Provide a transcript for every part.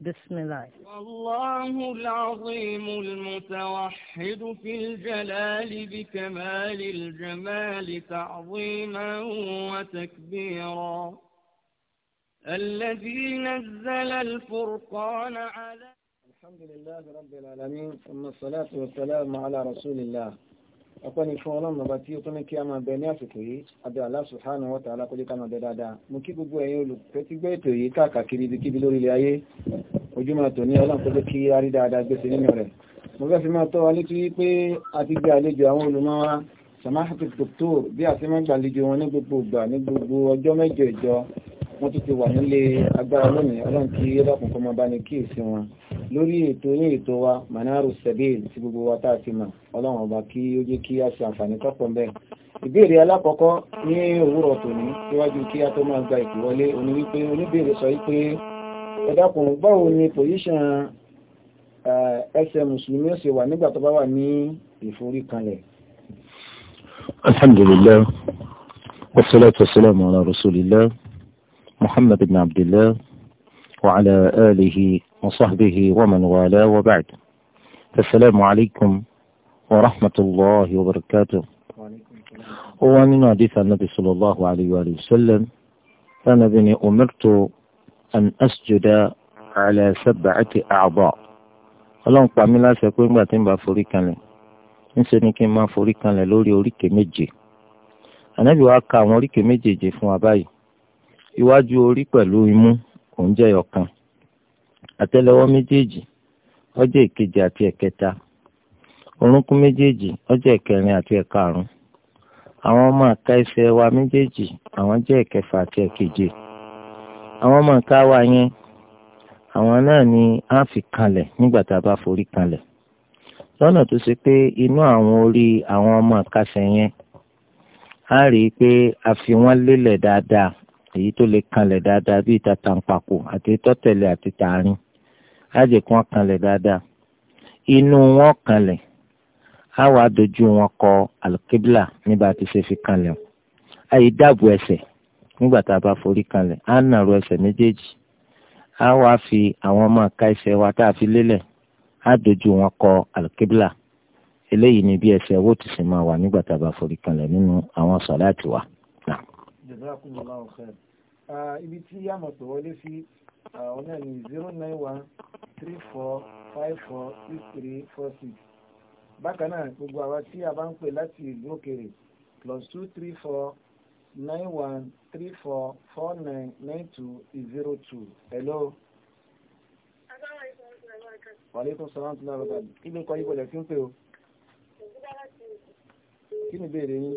بسم الله والله العظيم المتوحد في الجلال بكمال الجمال تعظيما وتكبيرا الذي نزل الفرقان على الحمد لله رب العالمين ثم الصلاة والسلام على رسول الله ọpẹ́ ni fún ọlọ́run ọba tí ó tún ní kí a máa bẹ ní àsìkò yìí abẹ́ Allah subhanahu wa ta'ala kó jẹ́ ká máa bẹ dáadáa mo kí gbogbo ẹ̀yin olùfẹ́ tí gbé ètò yìí káàkiri ibikíbi lórí ilẹ̀ ayé ojúmọ́ tò ní ọlọ́run kó jẹ́ kí a rí dáadáa gbèsè nínú rẹ̀ mo fẹ́ fi máa tọ́ wa létí pé a ti gbé àlejò àwọn olùmọ̀ wa samahatu bí a ti máa gbàlejò wọn ní gbogbo ìgbà ní gbogbo ọjọ́ mẹ́jọ ìjọ wọ́n tún ti wà nílé agbára lónìí ọlọ́run kí ẹlọ́kùnkùn máa bá ní kíyèsí wọn lórí ètò yín ètò wa manaru sabil tí gbogbo wa tá a ti mọ̀ ọlọ́run ọba kí ó jẹ́ kí a ṣe àǹfààní kọ́pọ̀ bẹ́ẹ̀ ìbéèrè alákọ̀ọ́kọ́ ní òwúrọ̀ tòní síwájú kí a tó máa gba ìpè wọlé oní wípé oníbèrè sọ wípé ẹ dákun báwo ni pòsíṣàn eh, ẹsẹ̀ mùsùlùmí ṣe wà nígbà tó bá wà ní ìforíkanlẹ̀. alhamdulillah wassalatu wassalamu ala wa ala وصحبه ومن والاه وبعد السلام عليكم ورحمة الله وبركاته هو من حديث النبي صلى الله عليه وآله وسلم أنا بني أمرت أن أسجد على سبعة أعضاء ọlọ́run pa mí láṣẹ pé ńgbà tí ń bá forí kanlẹ̀ ńṣe ni kí n máa forí kanlẹ̀ lórí oríkèé méje ànábì wa ka àwọn oríkèé méjèèje fún wa báyìí iwájú orí pẹ̀lú imú òun jẹ́ ọ̀kan àtẹ́lẹwọ́ méjèèjì ó jẹ́ ìkejì àti ẹ̀kẹta orúnkún méjèèjì ó jẹ́ ìkẹrin àti ẹ̀karùn àwọn ọmọ àka ẹsẹ̀ wa méjèèjì àwọn jẹ́ ìkẹfà àti ẹ̀keje àwọn ọmọ àka wa yẹn àwọn náà ni a fi kanlẹ̀ nígbà tá a bá forí kanlẹ̀ lọ́nà tó ṣe pé inú àwọn orí àwọn ọmọ àkàṣẹ yẹn a rí i pé a fi wọ́n lélẹ̀ dáadáa èyí tó lè kanlẹ̀ dáadáa bíi tàtàǹpàkò àti tọ́tẹ̀lẹ̀ àti tààrin á jẹ́ kí wọ́n kanlẹ̀ dáadáa inú wọn kanlẹ̀ á wà dojú wọn kọ alùkébìlà nígbà tí ṣe fi kanlẹ̀ o àyè dáàbò ẹsẹ̀ nígbà tá a bá forí kanlẹ̀ á nàró ẹsẹ̀ méjèèjì á wá fi àwọn ọmọ àka ẹsẹ̀ wa tá a fi lélẹ̀ á dojú wọn kọ alùkébìlà eléyìí ni bí ẹsẹ̀ owó ti sì máa wà nígbà tá a bá forí kanlẹ̀ nínú àwọn sọ̀láàtì wa. Ah, ibi tí yàmọ̀ tó wọlé sí àwọn ah, náà ní zero nine one three four five four six three four six bákan náà gbogbo àwa tí a bá ń pè láti ìlú òkèrè plus two three four nine one three four four nine nine two zero two hello. wàlékún sọ̀rọ̀ àti lára ọ̀gá kí ló ń kọ́ yí bọ̀lẹ̀ fún pé o. kí ni ìbéèrè yín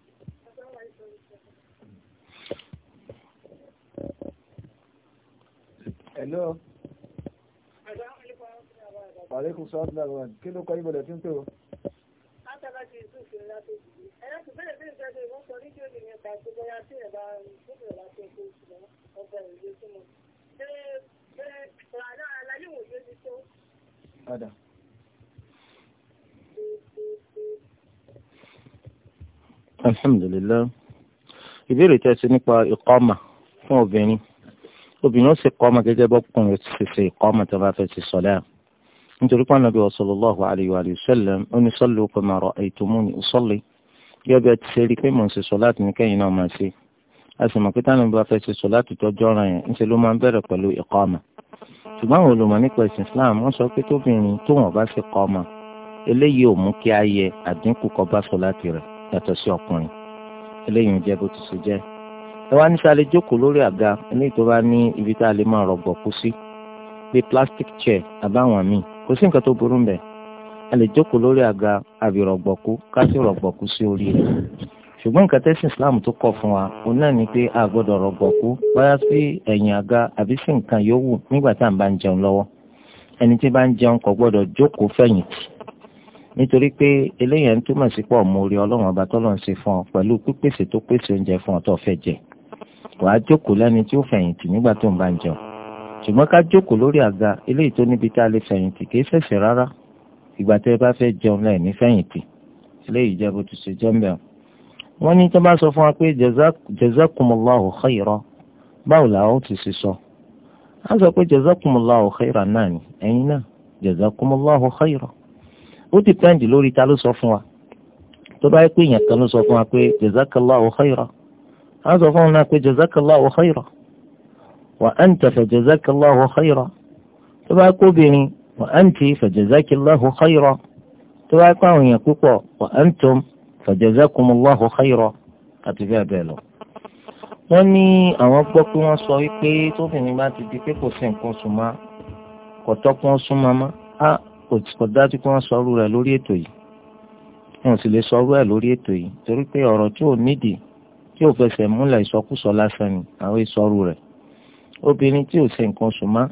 Hello. Àlékún sọ́ọ́tì náà wà kí ló kọ́ yín bọ̀dẹ̀ tí ń pè ó? Látàlájú ìsúfì láti ìdílé. Ẹ̀rọ ti bẹ̀rẹ̀ bí ìjọba ìwọ́n sọ nídìí òdì nípa tó bóyá tí ẹ̀ bá ń gbọ́dọ̀ láti ẹ̀kọ́ ìṣùgbọ́n ọgbà ìlú sí mu. Ṣé ṣé ọ̀rọ̀ àlàyé òye ti tó? Padà. Alhamdulillah. Ìbéèrè tẹ́sí nípa ìkọ́mà fún obìnrin obìnrin ó sì kọ́ ọmọ gẹ́gẹ́ bọ́kùnrin ti ṣe ṣe ìkọ́ ọmọ tó bá fẹ́ ti sọ̀lá nítorí pé ànábì sallallahu alayhi wa sallam ó ní sallu kama ra'aytumuni usalli yọ bí a ti ṣe rí pé mò ń ṣe sọ̀lá àti nìkẹ́yìn náà máa ṣe a sì mọ̀ pé táwọn ìbá fẹ́ ṣe sọ̀lá àti tọ́jú ọ̀ràn yẹn ńṣe ló máa ń bẹ̀rẹ̀ pẹ̀lú ìkọ́mà ṣùgbọ́n àwọn olùmọ̀ nípa ìsìn Islam wọ́n sọ pé tóbìnrin tó wọ́n bá ṣe kọ́mà eléyìí ò mú kí a yẹ àdínkù kọ́ bá sọ̀lá tirẹ̀ yàtọ̀ sí ọkùnrin eléyìí ń jẹ́ bó ti ṣe jẹ́ ẹ wá ní sálẹ jókòó lórí àga ní ìtọ́ba ní ibi tá a lè máa rọ̀gbọ̀ kú sí bíi plastic chair àbáwọn míì kò sí nǹkan tó burú mbẹ̀ a lè jókòó lórí àga àbí rọ̀gbọ̀ kú ká sì rọ̀gbọ̀ kú sí orí rẹ̀ ṣùgbọ́n nǹkan tẹ́sí Islam tó kọ̀ fún wa òun náà ni pé a gbọ́dọ̀ rọ̀gbọ̀ kú báyà sí ẹ̀yìn àga àbí sí nǹkan yòówù nígbà tá à ń bá ń jẹun lọ́wọ́ ẹni tí bá ń jẹun kò gbọ́dọ̀ jókòó fẹ̀yìntì nítorí pé eléyàn túmọ̀ sí pọ̀ mórí ọlọ́run ọba tọ́lọ́run ṣe fún ọ pẹ̀lú pípèsè tó pèsè oúnjẹ fún ọ tó fẹ́ jẹ wàá jókòó lẹ́ni tí ó fẹ̀yìntì nígbà tó ń bá ń jẹun ṣùgbọ́n ká jókòó lórí àga eléyìí tó níbi tá a lè fẹ̀yìntì kì í fẹ̀fẹ̀ rárá ìgbà tẹ́ ẹ bá fẹ́ jẹun lẹ́ẹ̀ ní fẹ̀yìntì eléyìí jẹ́ bó ti ṣe jẹ́ mbẹ́ wọ́n ní tó bá sọ fún wa pé jazakumullahu khayra báwo làwọn ti ṣe sọ á sọ pé jazakumullahu khayra náà ni ẹ̀yin náà jazakumullahu هذا sọ fún un náà pé jazakallahu khayra wa anta fa jazakallahu khayra tó bá kó obìnrin wa anti fa jazakallahu khayra tó bá kó àwọn èèyàn púpọ̀ wa antum fa jazakumullahu khayra àti bẹ́ẹ̀ bẹ́ẹ̀ lọ wọ́n ní àwọn gbọ́ pé wọ́n sọ wípé tóbìnrin bá ti di pé kò sí nǹkan sùn mọ́ kò tọ́ kí wọ́n sún mọ́ mọ́ á kò dájú pé wọ́n sọrú rẹ̀ lórí ètò yìí wọ́n sì lè sọrú ẹ̀ lórí ètò yìí torí pé ọ̀rọ̀ tí ò nídìí tí ò fẹsẹ̀ múlẹ̀ ìsọkúsọ lásán ni àwọn ìsọrù rẹ̀ obìnrin tí o ṣe nǹkan oṣù mọ́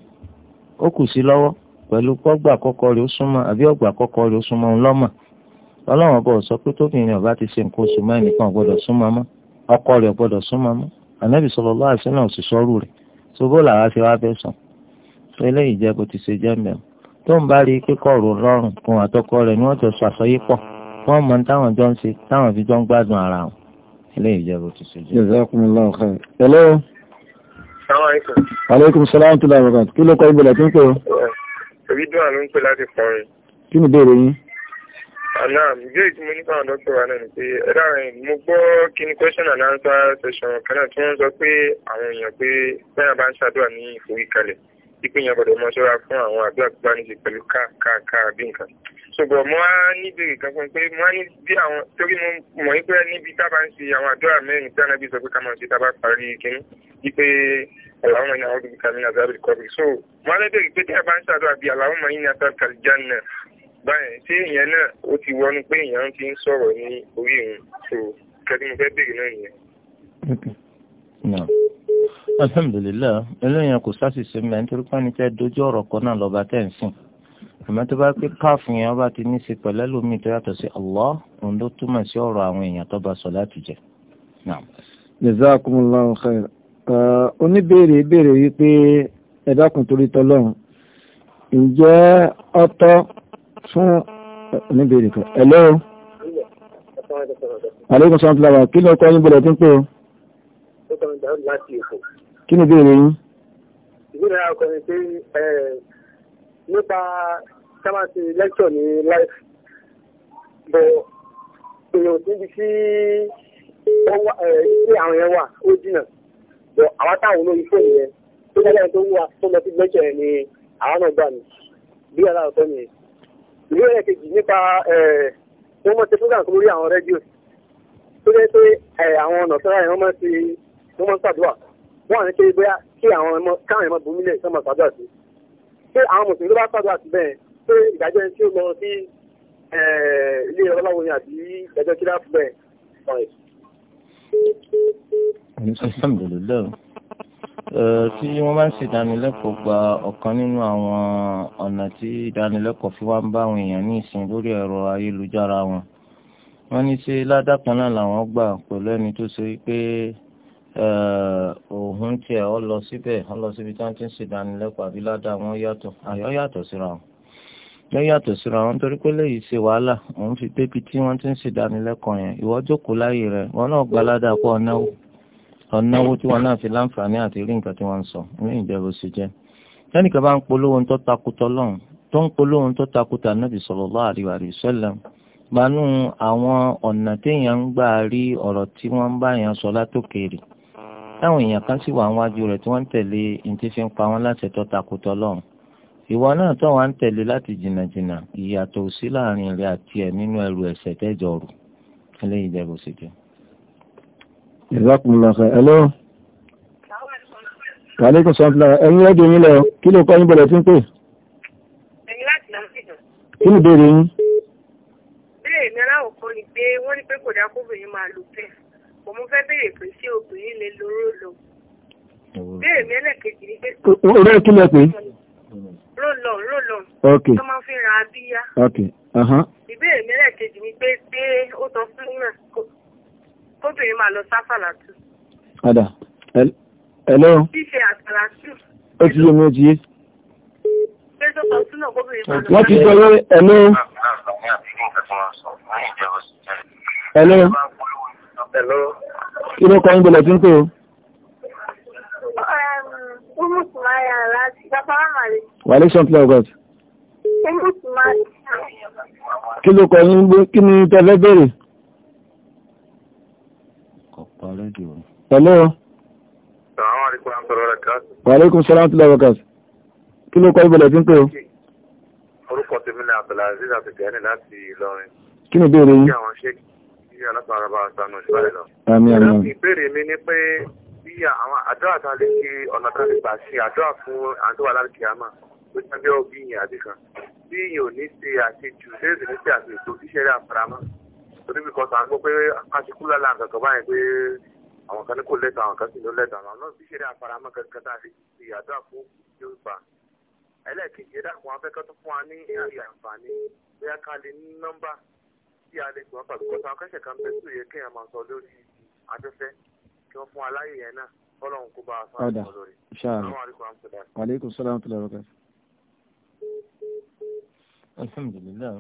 ó kù sí lọ́wọ́ pẹ̀lú kọ́gbà kọ́kọ́ rẹ̀ ó súnmọ́ àbí ọ̀gbà kọ́kọ́ rẹ̀ ó súnmọ́ òun lọ́mọ̀ ọlọ́run ọba ò sọ pé tóbìnrin ọba ti ṣe nǹkan oṣù mọ́ ẹnìkan ọ̀gbọ́dọ̀ súnmọ́ mọ́ ọkọ rẹ̀ ọ̀gbọ́dọ̀ súnmọ́ mọ́ ànábì sọ̀rọ̀ lọ́wọ́ àṣẹ náà sì sọ́rù rẹ̀ ṣòbó làwa ṣe wá fẹ́ sàn tó eléyìí jẹ́ bó ti ṣe jẹ́ mẹ́rin tó ń bá rí i pé kọ́ọ̀rù rọrùn fún àtọkọ rẹ̀ ni wọ́n jọ sọ àsọyípọ̀ wọ́n mọ táwọn jọ ń ṣe táwọn fi jọ ń gbádùn ara wọn ilé ìjẹ́bù ti ṣe jẹ́. Jazakumullahu khair. Hello. Assalamualaikum. Alaikum salaam tó láwọn kan. Kí ló kọ́ ibùdó tí ń pè ọ́? Èyí dùn àánú ń pè láti kọrin. Kí ni ìbéèrè yín? Àná ìbéèrè tí mo ní fáwọn dókítà wa náà ni pé ẹ dáhùn mo gbọ́ kí ni question and answer session kan náà tí wọ́n sọ pé àwọn èèyàn pé bẹ́ẹ̀ bá ń ṣàdúrà ní ìforíkalẹ̀ ìpínyà gbọdọ̀ mọ ṣọ́ra fún àwọn àbí àgbà níṣe pẹ̀lú káàkáà bí nǹkan. ṣùgbọ́n mo á níbèrè kan fún pé mo á ní bí àwọn torí mo mọ̀ pé níbi tá a bá ń ṣe àwọn àdúrà mẹ́rin tí anábì sọ pé ká máa ṣe tá a bá parí kínní wípé aláwọ̀ ẹni àwọn olùkọ́ mi àti àbẹ̀rẹ̀ kọ́bí. so mo á lẹ́bẹ̀rẹ̀ pé tí a bá ń ṣàdúrà bí aláwọ̀ ẹni àtàkàlì jánà báyẹn ṣé èèyàn náà ó ti wọnú pé èèyàn ti ń sọ̀rọ̀ ní orí òun so kẹ́tí mo fẹ́ bèrè alhamdulilayi eléyàn kò sásìsì mẹ́ nítorí pé ẹni tẹ́ dojú ọ̀rọ̀ kan náà lọ́ba tẹ́ ń sìn àmọ́ tó bá pé káàfù yẹn ọba ti ní í ṣe pẹ̀lú ẹlòmíì tó yàtọ̀ sí Allah òun ló túmọ̀ sí ọ̀rọ̀ àwọn èèyàn tó bá sọ láti jẹ. jazakumullahu khair oníbèrè béèrè wípé ẹ dákun torí tọlọ́run ǹjẹ́ ọtọ́ fún oníbèrè kan ẹ̀lọ́ aleykum salaam kí ló kọ́ yín bọ̀dọ̀ tó ń pè ó kí ni ìbéèrè yín. ìbéèrè akọ ni pé nípa sábàtì lẹ́kítọ̀ ní life bọ̀ èèyàn síbi tí ilé àwọn yẹn wà ó jìnnà bọ̀ àwọn táwọn olóyún fóònù yẹn tó lẹ́yìn tó wà tó lọ sí lẹ́kítọ̀ yẹn ni àwọn náà gbà mí bí aláàtọ̀ nìyẹn. ìbéèrè kejì nípa wọ́n mọ̀ sí fúgà kó lórí àwọn rédíò tó lẹ́ pé àwọn ọ̀nà sọ́ra yẹn wọ́n mọ̀ sí wọ́n mọ̀ sí àdúrà wọ́n ní pé bóyá kí àwọn ọmọ káwọn ọmọ bùnmí lè sọmọ sàdúrà sí pé àwọn mùsùlùmí ló bá sàdúrà sí bẹ́ẹ̀ pé ìdájọ́ ẹni tí ó lọ sí ilé ọlọ́wọ́ yẹn àbí ìdájọ́ kí láàfù bẹ́ẹ̀ ọ̀rẹ́. alhamdulilayi tí wọ́n bá ń ṣe ìdánilẹ́kọ̀ọ́ gba ọ̀kan nínú àwọn ọ̀nà tí ìdánilẹ́kọ̀ọ́ fi wá ń bá àwọn èèyàn ní ìsìn lórí ẹ̀rọ ayélujára wọn wọ́n ní ṣe ládàkan làwọn gbà pẹ̀lú ẹni tó ṣe pé òhun tiẹ̀ ọ lọ síbẹ̀ ọ lọ síbi tí wọ́n ti ń ṣèdánilẹ́kọ̀ọ́ àbí ládàá wọn yàtọ̀ àyọ́ yàtọ̀ síra wọn yọ yàtọ̀ síra wọn torí pé léyìí ṣe wàhálà òun fi pébi tí wọ́n ti ń ṣèdánilẹ́kọ̀ọ́ yẹn ìwọ jókòó láàyè rẹ̀ wọn náà gbaládàá pọ̀ náwó ọ̀náwó tí wọn náà fi láǹfààní àti rí nǹkan tí wọ́n ń sọ ní ìjẹ́bù sí jẹ́ lẹ́nìkan bá ń polówó tó àwọn ọ̀nà téèyàn ń gbà rí ọ̀rọ̀ tí wọ́n ń bá yẹn sọ látòkèrè táwọn èèyàn kan sì wà níwájú rẹ̀ tí wọ́n ń tẹ̀lé ní tí fi ń pa wọ́n láṣẹ tó takùtọ̀ lọ́hùn ìwọ náà tó wà ń tẹ̀lé láti jìnnàjìnnà ìyàtọ̀ sí láàrin rẹ̀ àti ẹ̀ nínú ẹrù ẹ̀ṣẹ̀ tẹ́jọ rù eléyìí jẹ́ bó ṣe jẹ́. ìzákùnlọ́sẹ̀ hello. kàlẹ́kùn sọ́ńtìlá ẹ̀yin rẹ́díò yín lọ kí ló kọ́ yín bọ̀lẹ̀ tí ń pè. ẹ̀yin láti nà ń fìdàn. kí ni ìbéèrè yín. bẹ́ẹ̀ ni aláwọ̀ kan ni pé wọ́n ní pé kò dá kóbìnrin máa lò bẹ́ẹ̀ bọ̀ mo fẹ́ béèrè pé ṣé obìnrin lè lóró lọ. béèrè mi ẹlẹ́kejì ni pé. ọ̀rẹ́ kí lẹ pé. rólọ̀ rólọ̀. ok tó máa fi ra abíyá. ok ìbéèrè mi ẹlẹ́kejì ni pé pé ó sọ fún náà kóbìnrin máa lọ sáfàlà tù. padà hello. ṣíṣe àtàlà tù. ó ti yé mi ó ti yé. pé tó sọ fún kóbìnrin máa lọ sáfàlà tù. wọ́n ti sọ lórí hello. hello. Hello. Kí ló kọ́ ń gbọ́dọ̀ tí ń pè ó? Umu Sumaya láti Bàbáwá Màlẹ́. Wàlẹ́ Sọ́n Plẹ̀ Ọ̀gọ́t. Umu Sumaya. Kí ló kọ́ ń gbé kí ni tẹ́lẹ̀ béèrè? Kọ̀pọ̀ rédíò. Pẹ̀lú o. Sàwọn àríkùn àpẹẹrẹ rẹ̀ ká. Wàlẹ́ kùn Sọ́n Plẹ̀ Ọ̀gọ́t. Kí ló kọ́ ń gbọ́dọ̀ tí ń pè ó? Orúkọ tèmi ni Abdulaziz àti Gẹ̀ẹ́nì láti Ìlọrin. Kí ni ìbéèrè yín? Kí àwọn ṣe kí alágbàràbà sanu ìbáyìí lọ. ìbéèrè mi ni pé bí àwọn àdúrà ta lè ṣe ọ̀nà ta lè gbà ṣe àdúrà fún àdúrà láti àmà tó jẹ́ bí ọbí yìnyín àbí kan bí yìnyín ò ní ṣe àṣejù ṣé èsì ní ṣe àṣejù ìṣẹ̀lẹ̀ àfaramọ́ torí bí kọ́sà ń gbọ́ pé aṣekú lálẹ́ àǹkà kan báyìí pé àwọn kan ní kò lẹ́tọ̀ àwọn kan sì ló lẹ́tọ̀ àwọn náà ìṣẹ̀lẹ̀ àfaramọ́ kankan tá a lè ṣe àdúrà fún òkú ẹlẹ́ẹ̀kejì ẹ̀dá kan afẹ́kẹ́ tó fún wa ní àyè àǹfààní bóyá ká lè ní nọ́mbà tí a lè gbọ́n pàtó kọ́ta akẹ́kẹ̀ẹ́ kan bẹ́ẹ̀ tó yẹ kéèyàn máa sọ lórí afẹ́fẹ́ kí wọ́n fún aláyè yẹn náà fọlọ́run kó bá a sọ àwọn lórí. aleykum salaam tula rẹ. alhamdulilayi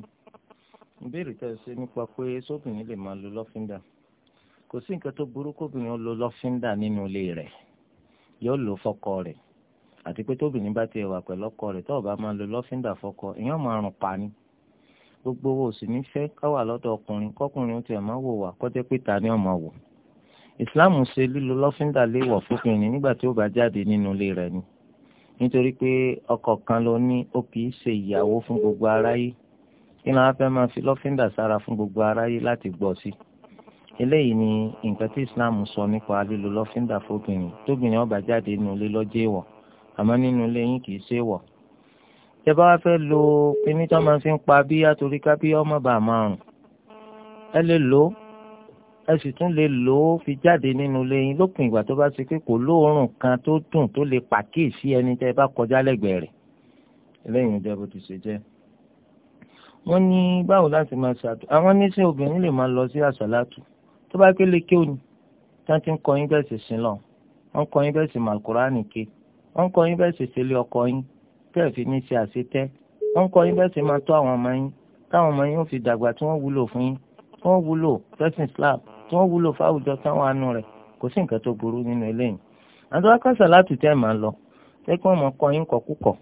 ìbéèrè tẹ́ ẹ ṣe nípa pé sóbìnrin lè máa lo lọ́fíńdà kò sí nǹkan tó burú kóbìnrin ó lo lọ́fíńdà nínú ilé rẹ̀ yóò lò fọ́kọ rẹ̀ àti pé tóbìnrin bá ti wà pẹ̀lú ọkọ rẹ̀ tó bá máa lo lọ́fíńdà fọ́kọ ìyẹn máa rùn pa ni. gbogbo wo sì ní fẹ́ káwà lọ́dọ̀ ọkùnrin kọkùnrin ó tiẹ̀ máa wò wá kọ́jẹ́ pé ta ni ọmọ wò islam ṣe lílo lọ́fíńdà léèwọ̀ fóbìnrin nígbà tí ó bá jáde nínú ilé rẹ̀ ni nítorí pé ọkọ kan ló ní ó kì í ṣe ìyàwó fún gbogbo aráyé kí ni wọ́n fẹ́ máa fi lọ́fíńdà sára fún gbogbo aráyé láti gbọ́ sí eléyìí ni nǹkan tí islam sọ nípa lílo lọ́fíńdà fóbìnrin tóbìnrin ó bá jáde nínú ilé lọ́jọ́ ìwọ̀ àmọ́ nínú ilé yín kì í ṣe ìwọ̀ tẹ́ bá fẹ́ lo kíní tí wọ́n máa fi ń pa bí àtòrí ká bí ọmọ bá máa rùn ẹ lè lò ó ẹ sì tún lè lò ó fi jáde nínú ilé yín lópin ìgbà tó bá ṣe pé kò lóòórùn kan tó dùn tó lè pàkíyèsí ẹni tẹ́ bá kọjá lẹ́gbẹ̀ẹ́ rẹ̀ eléyìí ń jẹ́ bó ti ṣe jẹ́ wọ́n ní báwo láti máa ṣàtò àwọn oníṣẹ́ obìnrin lè máa lọ sí àṣàlátù tó bá pé lè kéwòn tí wọ́n ti ń kọ́ bẹ́ẹ̀ sì sin wọ́n kọ́ bẹ́ẹ̀ sì màkúránì ké wọ́n kọ́ bẹ́ẹ̀ sì sílé ọkọ yín tẹ́ ẹ̀ fi ní ṣe àṣetẹ́ wọ́n ń kọ́ yín bẹ́ẹ̀ sì máa tọ́ àwọn ọmọ yín táwọn ọmọ yín ó fi dàgbà tí wọ́n wúlò fún yín tí wọ́n wúlò fẹ́sìn Islam tí wọ́n wúlò fáwùjọ táwọn anú rẹ̀ kò sí nǹkan tó burú nínú eléyìí àdúrà kásà láti tẹ́ ẹ̀ máa lọ pé kí wọ́n mọ kọ́ yín kọkúkọ̀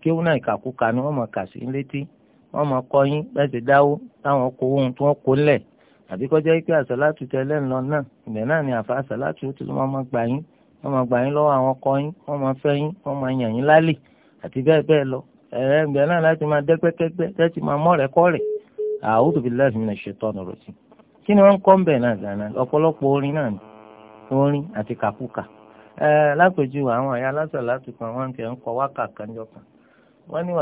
kí wọ́n náà ìkàkúkà ni wọ́n mọ kà sí létí wọ́n mọ kọ́ yín bẹ́ẹ̀ sì dáwó táwọn kó ohun tí wọ́n kó lẹ̀ àbí kọjá pé àsàlátù tẹ́lẹ̀ ńlọ náà ìgbẹ́ náà ni àfa àti bẹ́ẹ̀ bẹ́ẹ̀ lọ ẹ̀rẹ́ ìgbẹ́ náà láti máa dẹ́gbẹ́kẹ́gbẹ́ láti máa mọ́ rẹ̀ kọ́ rẹ̀ a'udhu billahi kí ni wọ́n ń kọ́ ń bẹ̀ náà gánà ọ̀pọ̀lọpọ̀ orin náà ni orin àti kàkúkà lápèjú àwọn àyà láti kan wọn ń kọ wákà kanjọ kan wàá ni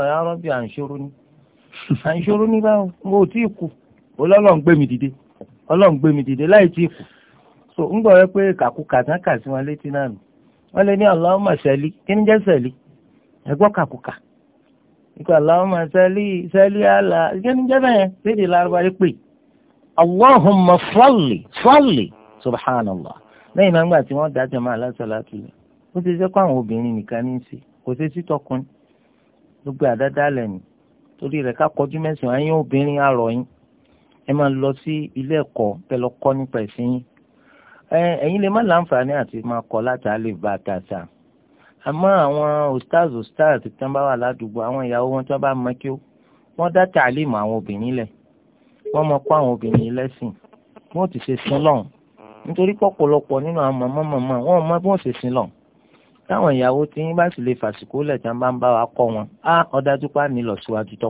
ni báwo tí gbé mi dìde gbé mi dìde láì tí kù ẹgbọ́ kàkùkà ikọ̀ aláwọ̀mọ̀ sẹ́lí sẹ́lí àlà ìjẹ́nijẹ́bẹ̀ yẹn léde lárúbárí pé Allahumma salli salli subhanallah lẹ́yìn náà ńgbà tí wọ́n dá jọmọ́ aláṣọláṣọ lẹ̀ ó ti ṣe kó àwọn obìnrin nìkan ní í ṣe kò ṣe sí tọkùnrin gbogbo àdáda lẹ́nu torí rẹ̀ ká kọjú mẹ́sàn-án ayé obìnrin àrọ̀ yín ẹ máa lọ sí ilé ẹ̀kọ́ tẹ lọ kọ́ nípa ẹ̀sìn ẹ̀yin lè má láǹfààní àti máa kọ́ látàá bá a ta sáà àmọ́ àwọn ostars ostars tí wọ́n bá wà ládùúgbò àwọn ìyàwó wọn tí wọ́n bá mọ kí ó wọ́n dá tàlímù àwọn obìnrin lẹ̀ wọ́n mọ kó àwọn obìnrin lẹ́sìn wọ́n ti ṣe sin lọ́hùn nítorí pọ̀pọ̀lọpọ̀ nínú àwọn mọ̀mọ́mọ́ wọ́n mọ bí wọ́n ṣe sin lọ́hùn táwọn ìyàwó tí yín bá sì lè fàṣíkò lẹ̀ tí wọ́n bá ń bá wa kọ́ wọn á ọ̀dájú pa ní lọ síwájú tó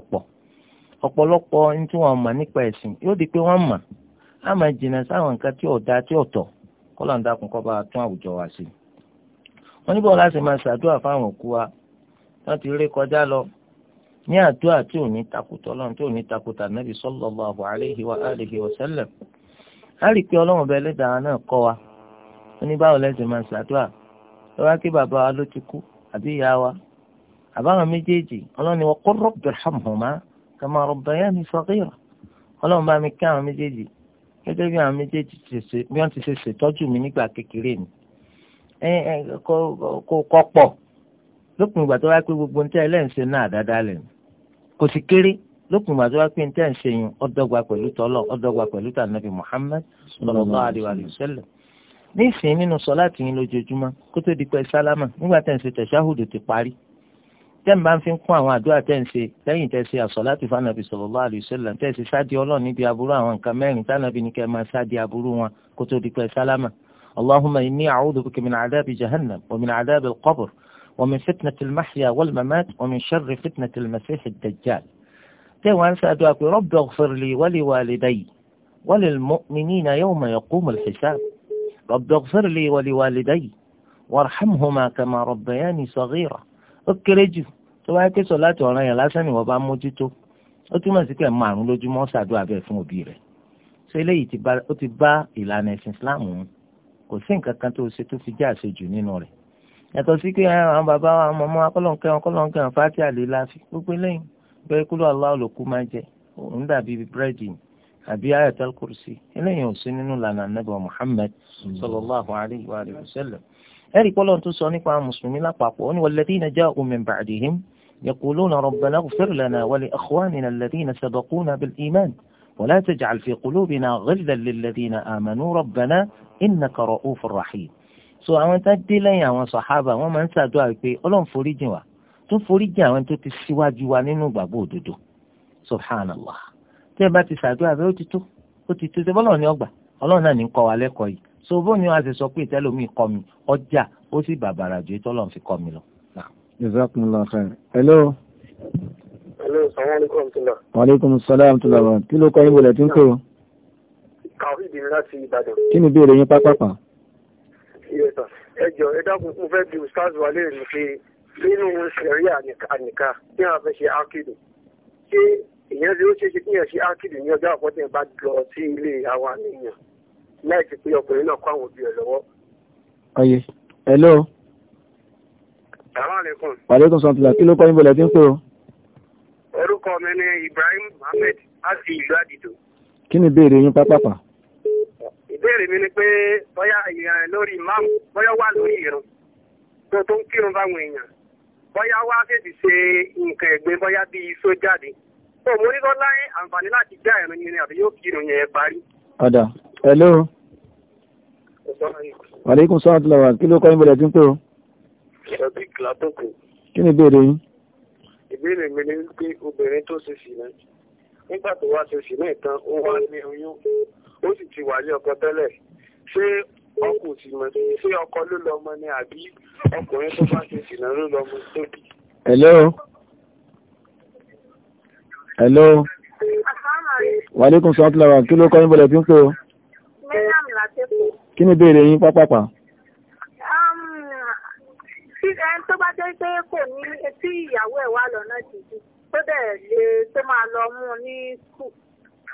ọ̀pọ̀lọpọ̀ ní wọ́n níbọ̀ láti máa ṣàdúrà fáwọn òkú wa wọ́n ti ré kọjá lọ ní àdúrà tí ò ní takùtà ọlọ́run tí ò ní takùtà nàbì sallallahu alaihi wa alihi wa sallam á rí i pé ọlọ́run ọba ẹlẹ́dàá náà kọ́ wa wọ́n ní báwo lẹ́sìn máa ṣàdúrà lọ́wọ́ kí bàbá wa ló ti kú àbí ìyá wa àbáwọn méjèèjì ọlọ́run ni wa qur rabbi irhamhuma kama rabbayani ọlọ́run bá mi kò pọ̀ lópin ìgbà tó wá pé gbogbo níta ẹlẹ́ǹsẹ̀ náà dáadáa lẹ̀ kò sì kéré lópin ìgbà tó wá pé níta ẹ̀ǹsẹ̀ yẹn ọ̀dọ́gba pẹ̀lú tọ́lọ̀ ọ̀dọ́gba pẹ̀lú tànàbí Muhammad sallallahu alaihi wa sallam nísìnyí nínú sọláàtì yín lójoojúmọ́ kó tó di pẹ́ sálámà nígbà tẹ̀ ń ṣe tẹ̀ṣáhùdù ti parí tẹ̀ ń bá ń fi kún àwọn àdúrà tẹ̀ ṣe lẹ́yìn tẹ̀ ṣe àsọláàtì fànàbì sallallahu alaihi wasallam tẹ̀ ṣe sáàdì ọlọ́ọ̀ níbi aburú àwọn nǹkan mẹ́rin tànàbì ní kẹ́ máa sáàdì aburú wọn kó tó di pẹ́ sálámà اللهم إني أعوذ بك من عذاب جهنم ومن عذاب القبر ومن فتنة المحيا والممات ومن شر فتنة المسيح الدجال تيوان سأدعك رب اغفر لي ولوالدي وللمؤمنين يوم يقوم الحساب رب اغفر لي ولوالدي وارحمهما كما ربياني صغيرة اكرجو تبا كي صلاة وانا يلاسن وبا موجتو ó túmọ̀ sí pé ẹ̀ márùn lójúmọ́ ṣàdúrà bẹ́ẹ̀ fún òbí rẹ̀ ṣé eléyìí ti bá ìlànà ẹ̀sìn Islam mu kò sí nǹkan kan tó ṣe tó fi jẹ́ àṣejù nínú rẹ̀ yàtọ̀ sí pé àwọn bàbá wa mọmọ akọlọǹkẹ ọkọlọǹkẹ fati àléláfi gbogbo eléyìí bẹ́ẹ̀ kúlọ aláwọ lòkú máa jẹ òun dàbí bírèdì àbí ayatul kursi eléyìí ò sí nínú lànà anábì muhammed sallallahu alayhi wa sallam ẹ̀rí pọ́lọ́ tó sọ nípa mùsùlùmí lápapọ̀ ó ní walladhina ja'u min ba'dihim yaquluna rabbana ighfir lana wa li ikhwanina alladhina sabaquna bil iman. ولا تجعل في قلوبنا غلا للذين آمنوا ربنا إنك رؤوف رحيم so àwọn tá dé lẹ́yìn àwọn sàhábà wọ́n máa ń ṣàdúrà pé ọlọ́run foríjìn wa tó foríjìn àwọn tó ti síwájú wa nínú ìgbàgbọ́ òdodo subhanallah tí ẹ bá ti ṣàdúrà bẹ́ẹ̀ ó ti tó ó ti tó ṣe bọ́lọ̀ ní ọgbà ọlọ́run náà ní kọ́ wa lẹ́kọ̀ọ́ yìí so bó ni wàá ṣe sọ pé ìtẹ́lómi kọ́ mi ọjà ó sì bàbàrà ju ètò ọlọ́run fi kọ́ mi lọ. jazakumullahu khair hello. Wàlékún sálàm tó lọ́wọ́. Kí ló kọ́ ìbòlẹ̀ tí ń kò? Kàwídì láti Ìbàdàn. Kí ni béèrè yín pápápá? Ẹjọ́ ẹ̀dàkùn mo fẹ́ bí Ustaz wà lè rí pé nínú ṣẹ̀rí àníká tí a fẹ́ ṣe ákìdù. Ṣé èèyàn tí ó ṣe ṣe kíyàn ṣe ákìdù ní ọjọ́ àpọ́tẹ̀ bá lọ sí ilé àwọn àníyàn láì ti pé ọkùnrin náà kọ́ àwọn òbí ẹ̀ lọ́wọ́. Ọyẹ, hello. Wàlékún sọ̀tìlà, kí ló kọ́ ìbòlẹ̀ tí ń kò? orúkọ mi ni Ibrahim Mohammed láti ìlú kí ni ìbéèrè yín pápápá. ìbéèrè mi ni pé bóyá ìyẹn lórí imam bóyá wà lórí irun tó tó ń kírun èèyàn bóyá wá fèsì ṣe nǹkan ẹ̀gbẹ́ bóyá bíi iṣó jáde tó mo ní kọ́ láyé àǹfààní láti àbí yóò kírun yẹn parí. ọ̀dà wàlẹ́kùn sọ́wọ́n ti kí ló kọ́ yín tí ń pè ó. ìbéèrè mi ni wípé obìnrin tó ṣe sì náà nígbà tó wá ṣe sì náà tán ó wá ní oyún ó sì ti wà ní ọkọ tẹ́lẹ̀ ṣé ọkùnrin sì mọ̀ ṣé ọkọ ló lọ ọmọ ni àbí ọkùnrin tó bá ṣe sì náà ló lọ ọmọ tó bí. hello hello wàlékún sọ́tìlára kí ló kọ́ yín bọ̀lẹ̀ tí ń pè ó. mẹ́rìnàmù láti pè. kí ni ìbéèrè yín pápápá tí ẹni tó bá jẹ́ pé kò ní etí ìyàwó ẹ̀ wá lọ́nà jìjì tó dẹ̀ lè tó máa lọ mú un ní skul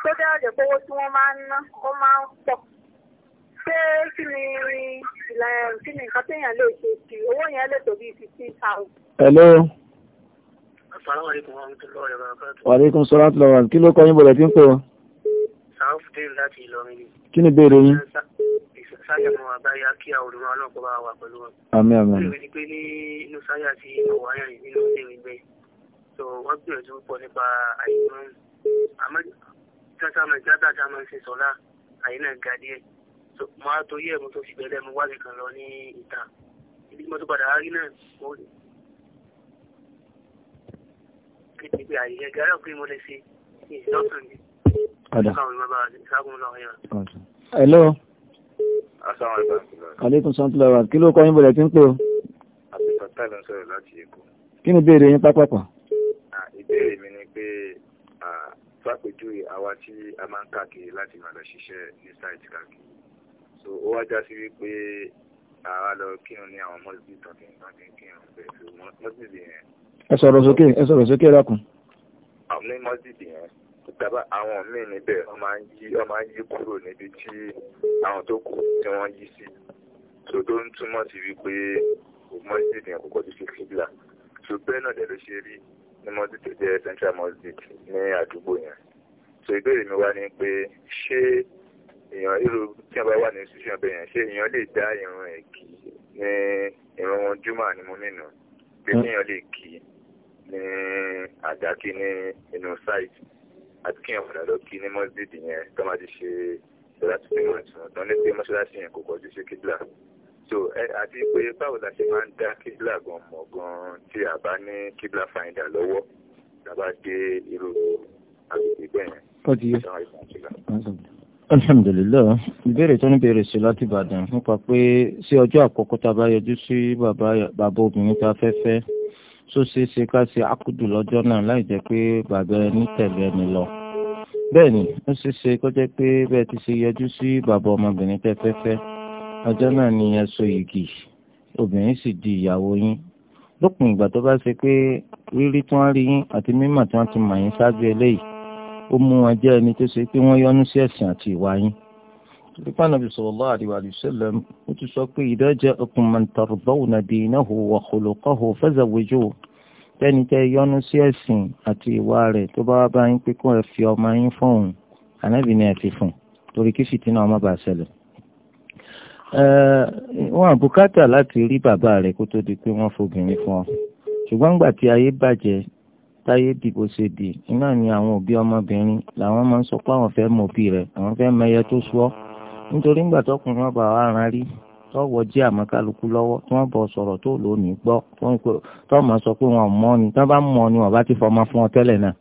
tó dẹ̀ lè kówó tí wọ́n máa ń ná ó máa ń pọ̀ pé kí ni kí ni nǹkan téèyàn lè ṣe sí owó yẹn lè tó bíi fifteen thousand. hello. asalaamualeykum wa rahmatulahi wa barakatu. wa aleykum salaam wa rahmatulahi kí ló kọ́ yín bọ̀dọ̀ tí ń pè ọ́. sàáfù dèrò láti Ìlọrin. kí ni ìbéèrè yín sáyà mọ àbáyá kí a olùwà ọlọ́pọ̀ bá wà pẹ̀lú wọn. àmín àmín. ìròyìn ni pé ní inú sáyà tí ọwọ́ ayà yìí nínú ilé ìgbẹ so wọn gbìyànjú púpọ̀ nípa àìsàn àmọ́ tíátà máa tíátà tá a máa ń ṣe sọlá àyè náà ga díẹ̀ so mo á torí ẹ mo tó fi bẹ̀rẹ̀ mo wáyé kan Hello. Àlékún Sọ́ntúlọ̀ wà kí ló kọ́ yínbò rẹ̀ tí ń pè ó? Àbíkọ̀tà lọ sọ̀rọ̀ láti Èkó. Kí ni ìbéèrè yín pápápọ̀? Ìbéèrè mi ni pé fàpèjúwe àwa tí a máa ń káàkiri láti máa lọ ṣiṣẹ́ ní sáìtì káàkiri. So ó wá já sí wípé àwa lọ kírun ní àwọn mọ́sídì tọ̀kìn tọ̀kìn kírun bẹ́ẹ̀ fi mọ́sídì yẹn. Ẹ sọ̀rọ̀ sókè, ẹ sọ̀rọ̀ sókè rákùn. Àwọn mọ́sídì yẹn tàbá àwọn míì níbẹ̀ wọ́n máa ń yí wọ́n máa ń yí kúrò níbi tí àwọn tó kù tí wọ́n yí sí so tó ń túmọ̀ sí wípé mọ́sídìí ní àkókò tó ṣe kíbla so bẹ́ẹ̀ náà dẹ̀ ṣe rí ní mọ́sídìí tó jẹ́ central mosque ní àdúgbò yẹn so ìbéèrè mi wá ni pé ṣé èèyàn irú tí wọ́n bá wà ní institution bẹ́ẹ̀ yẹn ṣé èèyàn lè dá irun ẹ̀ kì ní irun wọn júmọ̀ ni mo mìnà pé kéèyàn lè kì ní àdákí ní inú site àti kí ẹ̀wọ̀n lọ kí ní mọ́sídìí yẹn tó máa ti ṣe ìṣẹ̀lá tó fẹ́ràn tí wọ́n tán létí mọ́ṣáláṣí yẹn kò kọjú sí kíbla so àti pé báwo la ṣe máa ń dá kíbla gan mọ̀ gan tí a bá ní kíbla finder lọ́wọ́ tàbá dé irú agbègbè bẹ́ẹ̀ yẹn. alhamdulilayi ìbéèrè tó ń béèrè sí láti Ìbàdàn nípa pé sí ọjọ́ àkọ́kọ́ tá a bá yọjú sí bàbá obìnrin tá a fẹ́ fẹ́ so ṣeéṣe ká ṣe akudu lọ́jọ́ náà láì jẹ́ pé bàbá ẹni tẹ̀lé ẹni lọ. bẹ́ẹ̀ ni ó ṣeéṣe kó jẹ́ pé bẹ́ẹ̀ ti ṣe yọjú sí bàbá ọmọbìnrin tẹ́fẹ́fẹ́ ọjọ́ náà ni ẹ so yìgì obìnrin sì di ìyàwó yín lópin ìgbà tó bá ṣe pé rírí tí wọ́n rí yín àti mímọ̀ tí wọ́n ti mọ̀ yín ṣáájú eléyìí ó mú wọn jẹ́ ẹni tó ṣe pé wọ́n yọ́nú sí ẹ̀sìn àti ìwà yín torípa nàbì sallallahu alaihi wasallam ó ti sọ pé idha ja'akum man tardawna dinahu wa khuluqahu fazawwijuhu tẹ́ni tẹ́ yọ́nú sí ẹ̀sìn àti ìwà rẹ̀ tó bá wá bá yín pé kó ẹ fi ọmọ yín fóun ànábì ni ẹ fi fún torí kí fìtínà ọmọ bá ṣẹlẹ̀. wọn àbùkátà láti rí bàbá rẹ̀ kó tó di pé wọ́n fobìnrin fún ọ ṣùgbọ́n nígbà tí ayé bàjẹ́ táyé dìbò ṣe dì iná ni àwọn òbí ọmọbìnrin làwọn máa ń sọ pé àwọn fẹ́ mọ òbí rẹ̀ àwọn fẹ́ mẹyẹ tó sọ nítorí ńgbà tọkùnrin ọba wa rán rí tọwọ jí àmọkálukú lọ́wọ́ tí wọn bọ sọ̀rọ̀ tó lónìí gbọ́ tọmọ sọ pé wọn mọ ni tí wọn bá mọ ni wọn bá ti fọmọ fún ọ tẹ́lẹ̀ náà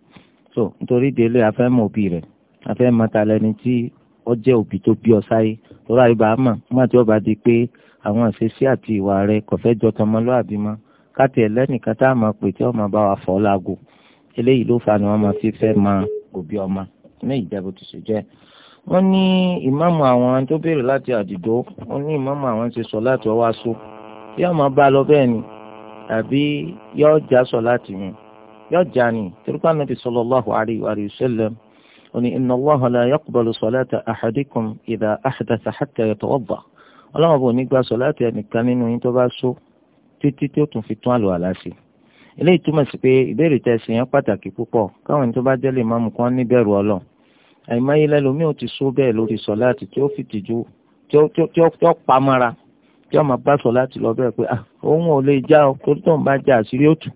so nítorí délé afẹ́ mọ òbí rẹ̀ afẹ́ mọtalẹni tí ọ jẹ́ òbí tó bí ọ sáyé torí àyíbá àmọ nígbà tí ọba di pé àwọn àṣeṣí àti ìwà rẹ̀ kọfẹ jọ tọmọlúàbí mọ káti ẹlẹ́nìkan tá a máa pè tí wọ́n máa bá wa fọ́ láago eléyìí ló fa ni wọ́n máa fi fẹ́ máa òbí ọmọ wọ́n ní ìmáàmù àwọn tó béèrè láti àdìdó wọ́n ní ìmáàmù àwọn ti sọ láti ọwọ́ aṣọ bí àmọ́ bá lọ bẹ́ẹ̀ ni àbí yóò já sọ láti mi yóò já ni tìrúkà nàbì sallallahu alayhi wa sallam oní inna Allaha la yaqbalu salata ahadikum idha ahdatha hatta yatawadda ọlọ́wọ́n bò ní gba sọ láti ẹnìkan nínú yín tó bá sọ títí tó tún fi tún àlọ́ àlá eléyìí túmọ̀ sí pé ìbéèrè tẹ̀sí yẹn pàtàkì púpọ̀ káwọn ẹni tó bá jẹ́ lè máàmù kan níbẹ̀rù Ọlọ́run àìmáyé lẹ́lòmíì ò ti sọ bẹ́ẹ̀ lórí sọ láti tí ó fi tìjú tí ó pamọ́ra tí ó máa bá sọ láti lọ bẹ́ẹ̀ pé ah, òun ò lè já o torí tóun bá já àṣírí òtù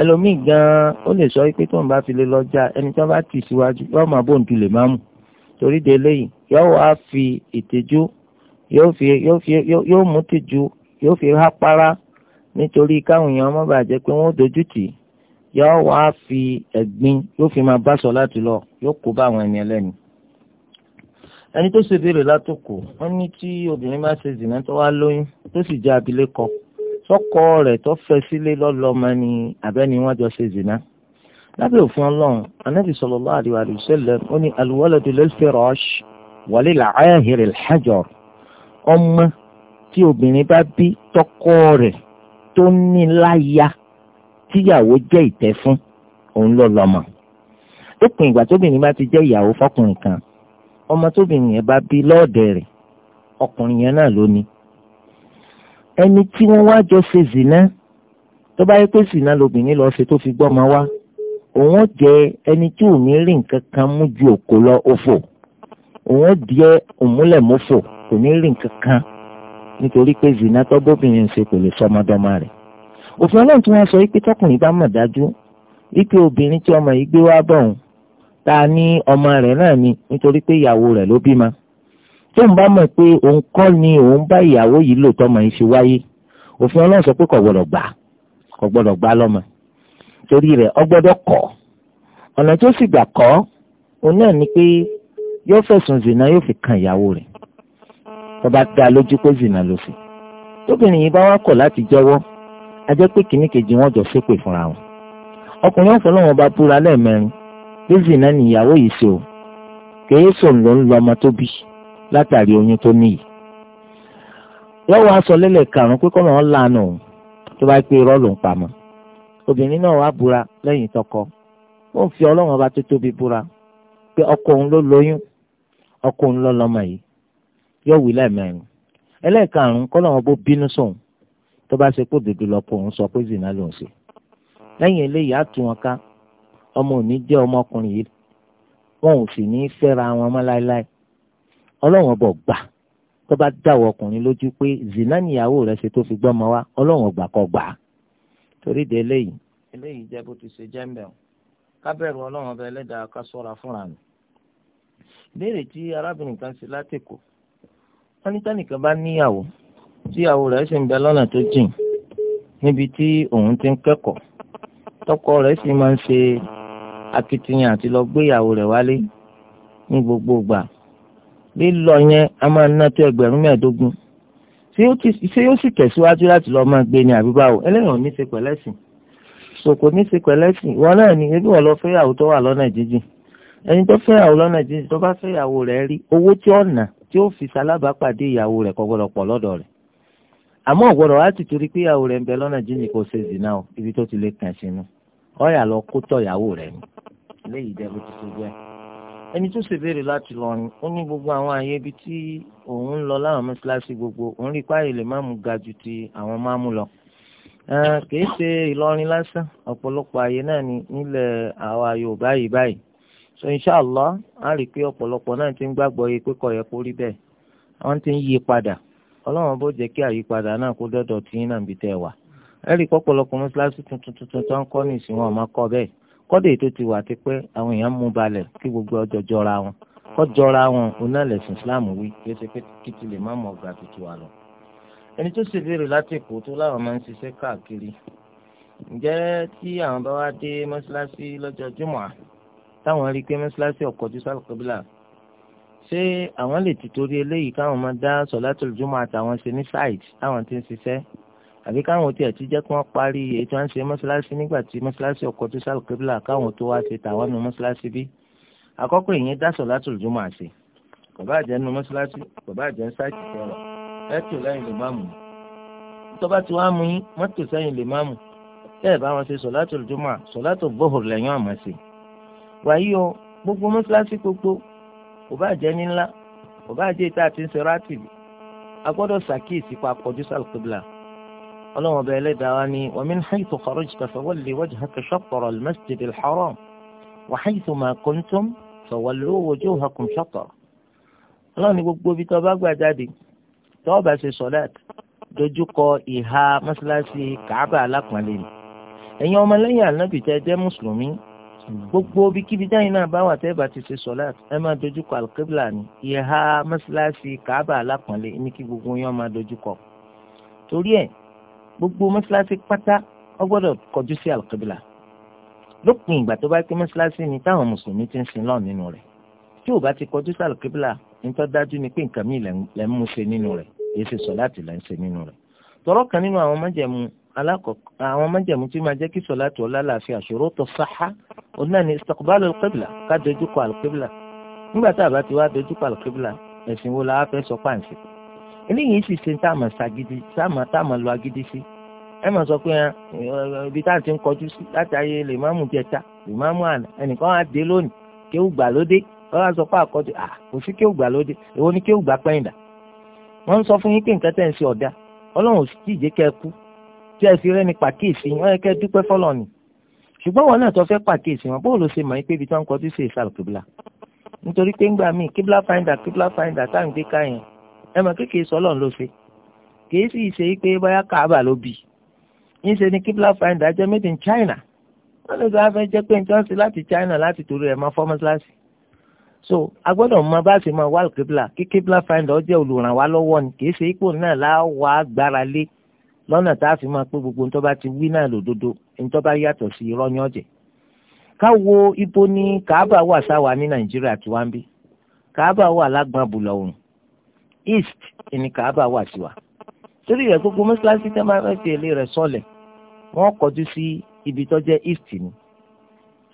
ẹlòmíì gan-an ó lè sọ pé tóun bá fi lè lọ já ẹni tó bá tì síwájú yóò máa bóun dulè máa mú torí de eléyìí yóò wá fi ìtìjú yóò fi yóò fi yóò mú tìjú yóò fi hápára nítorí káwọn èèyàn má bàa pé wọ́n dojú tì í yóò wá fi ẹ̀gbin yóò fi máa bá sọ láti lọ yóò kó bá àwọn ẹni ẹlẹ́ni. ẹni tó ṣe béèrè látòkò wọn ní tí obìnrin bá ṣe zìnà tó wá lóyún tó sì jẹ́ abilékọ sọ́kọ rẹ̀ tó fẹ́ sílé lọ́lọ́mọ ni àbẹ́ni wọ́n jọ ṣe zìnà. lábẹ́ òfin ọlọ́run anábì sallallahu alaihi wasallam ó ní al-waladu lil-firash wa lil-'ahiri al-hajar ọmọ tí obìnrin bá bí tọkọ rẹ̀ tó ní láya tíyàwó jẹ́ ìtẹ́ fún òun ló lọ́mọ lópin ìgbà tóbìnrin bá ti jẹ́ ìyàwó fọkùnrin kan ọmọ tóbìnrin yẹn bá bí lọ́ọ̀dẹ̀ rẹ̀ ọkùnrin yẹn náà ló ní ẹni tí wọ́n wá jọ ṣe zìnà tó bá yẹ pé zìnà lobìnrin lọ ṣe tó fi gbọ́mọ wá òun jẹ ẹni tí ò ní rí nǹkan kan mú ju òkò lọ òfò òun jẹ òmúlẹ̀mọ́fò kò ní rí nǹkan kan nítorí pé zìnà tó bóbìnrin ṣe kò lè sọmọdọ́mọ rẹ̀ òfin ọlọ́run tí wọ́n sọ pé tọkùnrin bá mọ̀ dájú wípé obìnrin tí ọmọ yìí gbé wá bọ̀ ọ̀hún ta ní ọmọ rẹ̀ náà ni nítorí pé ìyàwó rẹ̀ ló bímọ tó ń bá mọ̀ pé òun kọ́ ni òun bá ìyàwó yìí lò tọmọ yìí ṣe wáyé òfin ọlọ́run sọ gbà lọ́mọ torí rẹ̀ ọ gbọdọ̀ kọ̀ ọ̀nà tó sì gbà kọ́ òun náà ni pé yóò fẹ̀sùn zina yóò fi kan ìyàwó ajẹ́ pé kìíní kejì wọn jọ ṣépè fúnra wọn. ọkùnrin ọ̀fọ̀ lọ́wọ́ bá búra lẹ́ẹ̀mẹrin bísí náà nìyàwó yìí ṣe o kèé sòun ló ń lọ ọmọ tó bí látàrí oyún tó níyì. lọ́wọ́ aṣọ lélẹ̀ karùn-ún pé kọ́mọ̀ ọ́n lànà òun tó bá pé irọ́ ló ń pamọ́. obìnrin náà wá búra lẹ́yìn tọkọ ó ń fi ọlọ́wọ́n bá tó tóbi búra pé ọkọ òun ló lóyún ọkọ òun ló lọ́mọ yìí yóò wí lẹ́ẹ̀mẹrin ẹlẹ́ẹ̀karùn-ún kọ́lọ́wọ́n tó bá ṣe pé òdodo lọ́pọ̀ òun sọ pé zina ló ń ṣe lẹ́yìn eléyìí á tú wọn ká ọmọ òní jẹ́ ọmọkùnrin yìí wọn ò sì ní í fẹ́ra wọn mọ́ láéláé ọlọ́run ọbọ̀ gbà tó bá dáwọ́ ọkùnrin lójú pé zina níyàwó rẹ̀ ṣe tó fi gbọ́mọ wá ọlọ́run ọgbà kọ gbà á torí de eléyìí eléyìí jẹ́ bó ti ṣe jẹ́ ń bẹ̀ ọ́ kábẹ́rù ọlọ́run ká sọ́ra fúnra mi ìbéèrè tí arábìnrin kan ṣe látẹ̀kọ̀ wọn ní tánìkan bá níyàwó tíyàwó rẹ̀ sì ń bẹ lọ́nà tó jìn níbi tí òun ti ń kẹ́kọ̀ọ́ tọkọ rẹ̀ sì máa ń ṣe akitiyan àti lọ gbéyàwó rẹ̀ wálé ní gbogbo ìgbà lílọ yẹn a máa ná tó ẹgbẹ̀rún mẹ́ẹ̀ẹ́dógún ṣé yóò sì tẹ̀síwájú láti lọ máa gbé ní àbíbáwò ẹlẹ́yìn ò ní ṣe pẹ̀lẹ́sìn sòkò ní ṣe pẹ̀lẹ́sìn ìwọ náà ni ebi wọn lọ fẹ́yàwó tó wà lọ́nà jíjìn ẹni tó fẹ́yàwó lọ́nà jíjìn tó bá fẹ́yàwó rẹ̀ rí owó tí ó nà tí ó fi ṣalábàápàdé ìyàwó rẹ̀ kò pọ̀ lọ́dọ̀ rẹ̀ àmọ́ ọ̀gbọ́dọ̀ wá ti torí pé ìyàwó rẹ̀ ń bẹ lọ́nà jíjìn kò ṣe zìnà o ibi tó ti lè kàn sí nu ọ̀yà lọ kó tọ̀ ìyàwó rẹ̀ ni léyìí dẹ́ bó ti ṣe jẹ́ ẹni tó ṣe béèrè láti lọ ni ó ní gbogbo àwọn àyè ibi tí òun ń lọ láwọn mọ́ṣáláṣí gbogbo òun rí páyì lè má mú ga ju ti àwọn má mú lọ kìí ṣe Ìlọrin lásán ọ̀pọ̀lọpọ̀ àyè náà ni nílẹ̀ àwa Yorùbá yìí báyìí so inshàlá a rí i pé ọ̀pọ̀lọpọ̀ náà ti ń gbàgbọ́ yìí pé ọlọ́run bó jẹ́ kí àyípadà náà kó dọ́dọ̀ tí yín náà ń bi tẹ́ wà ẹ̀rí pọ́pọ́lọpọ́ mọ́ṣáláṣí tuntun tuntun tó ń kọ́ ní ìsìn wọn ọmọ kọ́ bẹ́ẹ̀ kọ́dọ̀ ètò ti wà ti pẹ́ àwọn èèyàn mú balẹ̀ kí gbogbo ọjọ́ jọra wọn kọ́ jọra wọn onálẹ̀sìn Islam wí kí ó ṣe pé kí ti lè má mọ̀ ọ̀gá tuntun wà lọ. ẹni tó sì béèrè láti èkó tó láwọn máa ń ṣiṣẹ́ káàkiri ǹjẹ́ tí àwọn bá wá dé mọ́ṣáláṣí lọ́jọ́ jùmọ̀ ṣé àwọn lè ti torí eléyìí káwọn máa dá sọ̀látùl jumu'ah àtàwọn ṣe ní ṣáìtì táwọn ti ń ṣiṣẹ́ àbí káwọn tiẹ̀ ti jẹ́ kí wọ́n parí èyí tí wọ́n ń ṣe mọ́ṣáláṣí nígbà tí mọ́ṣáláṣí ọkọ̀ tó sálù kébìlà káwọn tó wá ṣe tàwọn nu mọ́ṣáláṣí bí àkọ́kọ́ ìyẹn dá sọ̀látùl jumu'ah àṣẹ bàbá àjẹ́ nu mọ́ṣáláṣí bàbá àjẹ́ ń ṣáìtì sọ̀rọ̀ ẹ tò lẹ́yìn lè máàmù tó bá ti wá mú yín mọ́tò sẹ́yìn lè máàmù tẹ́ ẹ̀ bá wọn ṣe sọ̀látùl jumu'ah sọ̀látùl zuhur lẹ́yìn àmọ́ sí wàyí o gbogbo mọ́ṣáláṣí gbogbo kò bá jẹ́ ní ńlá kò bá jẹ́ ìta àti ń sọ̀rọ̀ àtìlì a gbọ́dọ̀ ṣàkíyèsí pa kọjú sàlùkìbìlà ọlọ́run ọba ẹlẹ́dàá wa ni wa min haythu kharajta fawalli wajhaka shatra al-masjid al-haram wa haythu ma kuntum fawallu wujuhakum shatra ọlọ́run ní gbogbo ibi tó bá gbà jáde tó bá ṣe sọ̀láàtì dojúkọ ìhà mọ́ṣáláṣí kàábà alápọ̀nlé ẹ̀yin ọmọlẹ́yìn ànábì tẹ́ jẹ́ mùsùlùmí gbogbo bíkíbi dáhìn náà bá wà tẹ́ẹ̀bà ti ṣe sọ́láàt ẹ máa dojúkọ àlùkébìlà ni ìhà mọ́ṣáláṣí kàábà alápọ̀nlé ní kí gbogbo yẹn máa dojúkọ. torí ẹ gbogbo mọ́ṣáláṣí pátá ọ gbọ́dọ̀ kọjú sí àlùkébìlà lópin ìgbà tó bá pé mọ́ṣáláṣí ni táwọn mùsùlùmí ti ń sin lọ́ọ̀ nínú rẹ̀ tí ò bá ti kọjú sí àlùkébìlà nítọ́ dájú ni pé nǹkan míì lẹ́ ń mú ṣe nínú rẹ̀ èyí alákọ̀ọ́kọ́ àwọn májẹ̀mú tí máa jẹ́ kí sọ̀lá tó lálàáfíà ṣòro tó sáhá òun náà ni istiqbalu alqibla ká dojúkọ alqibla nígbà tá a bá ti wá dojúkọ alqibla ẹ̀sìn wo la wá fẹ́ sọ pàǹsì. eléyìí sì ṣe táàmù ṣàgídí táàmù táàmù lọ agídí sí ẹ máa sọ pé ibi táà ti ń kọjú sí láti ayé lè má mú jẹta lè má mú àná ẹnìkan á dé lónìí kéwù gbà lóde wọ́n á sọ pé àkọ́jọ à kò sí kéwù gbà lóde èwo ni kéwù gbà pẹ́yìndà wọ́n ń sọ fún yín pé nǹkan tẹ̀ ń ṣe ọ̀dà ọlọ́run ò sì tíì jẹ́ kẹ́ ẹ kú tí ẹ fi rẹ́ ni pàkíyèsí wọn yẹ kẹ́ dúpẹ́ fọlọ́ ni ṣùgbọ́n wọn náà tó fẹ́ pàkíyèsí wọn bóòlù ṣe mọ̀ pé ibi tí wọ́n kọjú sí ìsàlù kìbìlà nítorí pé ńgbà míì kìbìlà fáìndà kìbìlà fáìndà tá à ń gbé káyẹn ẹ mọ̀ kékeré sọ́lọ̀ ló ṣe kìí sì ṣe pé báyà káàbà ló bì ńṣe ni kìbìlà fáìndà jẹ́ made in China wọ́n lè sọ fẹ́ jẹ́ pé ní wọ́n láti China láti torí ẹ̀ máa fọ́mọ́ so agbọ́dọ̀ mọ bá ṣe máa wá kìbìlà kí kìbìlà fáìndà ó jẹ́ olùrànwá lọ́wọ́ ni kìí ṣe ipò náà láwàá gbára lé lọ́nà tá a fi máa pé gbogbo ntọ́ bá ti wí náà lòdodo ntọ́ bá yàtọ̀ sí irọ́ ní ọ̀jẹ̀. ká wo ibo ni Kaaba wà sáwa ní Nàìjíríà tí wọ́n ń bí Kaaba wà lágbọ̀n bùlọ̀ òun east ni Kaaba wà tiwa. torí rẹ̀ gbogbo mọ́ṣáláṣí tẹ́ máa fẹ́ fi èlé rẹ̀ sọlẹ̀ wọ́n kọjú sí ibi tó jẹ́ east ni